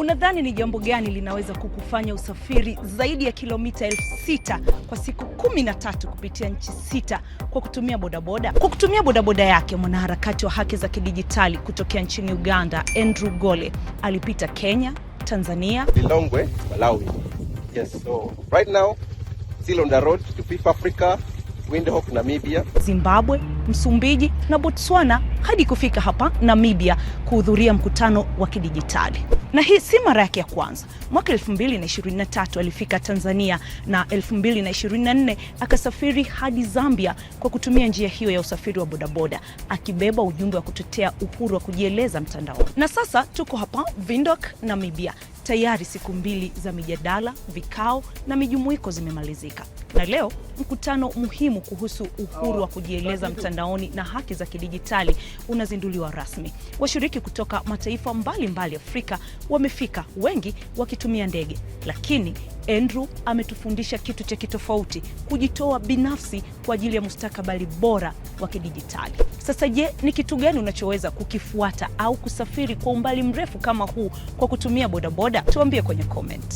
Unadhani ni jambo gani linaweza kukufanya usafiri zaidi ya kilomita elfu sita kwa siku kumi na tatu kupitia nchi sita kwa kutumia bodaboda? Kwa kutumia bodaboda yake, mwanaharakati wa haki za kidijitali kutokea nchini Uganda, Andrew Gole alipita Kenya, Tanzania, Lilongwe, Malawi. Yes, so right now still on the road to Africa. Windhoek Namibia, Zimbabwe, Msumbiji na Botswana hadi kufika hapa Namibia kuhudhuria mkutano wa kidijitali. Na hii si mara yake ya kwanza. Mwaka 2023 alifika Tanzania na 2024 akasafiri hadi Zambia kwa kutumia njia hiyo ya usafiri wa bodaboda, akibeba ujumbe wa kutetea uhuru wa kujieleza mtandaoni. Na sasa tuko hapa Windhoek Namibia, tayari siku mbili za mijadala, vikao na mijumuiko zimemalizika. Na leo mkutano muhimu kuhusu uhuru wa kujieleza mtandaoni na haki za kidijitali unazinduliwa rasmi. Washiriki kutoka mataifa mbalimbali mbali Afrika wamefika, wengi wakitumia ndege, lakini Andrew ametufundisha kitu cha kitofauti: kujitoa binafsi kwa ajili ya mustakabali bora wa kidijitali. Sasa je, ni kitu gani unachoweza kukifuata au kusafiri kwa umbali mrefu kama huu kwa kutumia bodaboda? Tuambie kwenye comment.